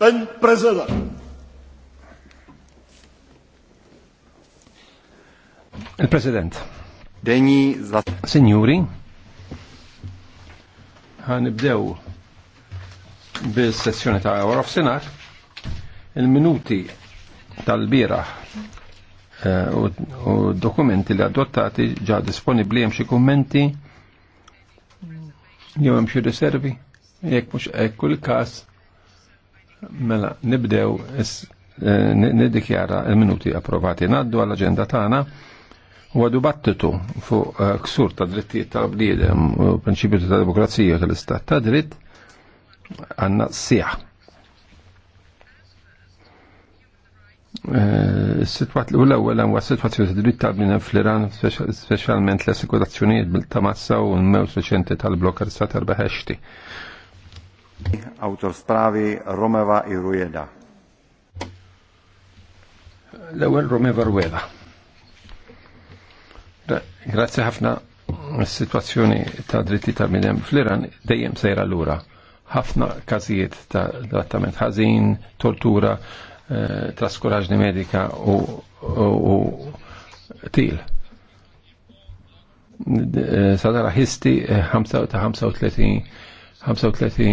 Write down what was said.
Pan President. Il-President. Degni za... Signori, għanibdew bil-sessjoni ta' Hour of Senar, il-minuti tal bira eh, u dokumenti li adottati ġa disponibli jemxie kommenti kummenti jew hemm riservi jekk mux hekk kull każ Mela, nibdew eh, nidikjara il-minuti approvati. Naddu għall-agenda tagħna għadu battitu fuq eh, ksur ta' drittijiet tal-bniedem u prinċipju ta' demokrazija tal-istat ta' dritt għandna sieħ. Eh, l-ewwel hemm situazzjoni ta' dritt tal-bniedem fl-Iran, speċjalment l-assikurazzjonijiet bil-tamassa u l mew reċenti tal-blokkar Satar Baheshti Autor Romeva i Rueda. L-ewel Romeva Rueda. Grazie ħafna s-situazzjoni ta' dritti ta' midem fl-Iran dejjem sejra l-ura. ħafna kazijiet ta' trattament ħażin, tortura, eh, traskuraġni medika u til. Eh, Sadara histi 35 eh,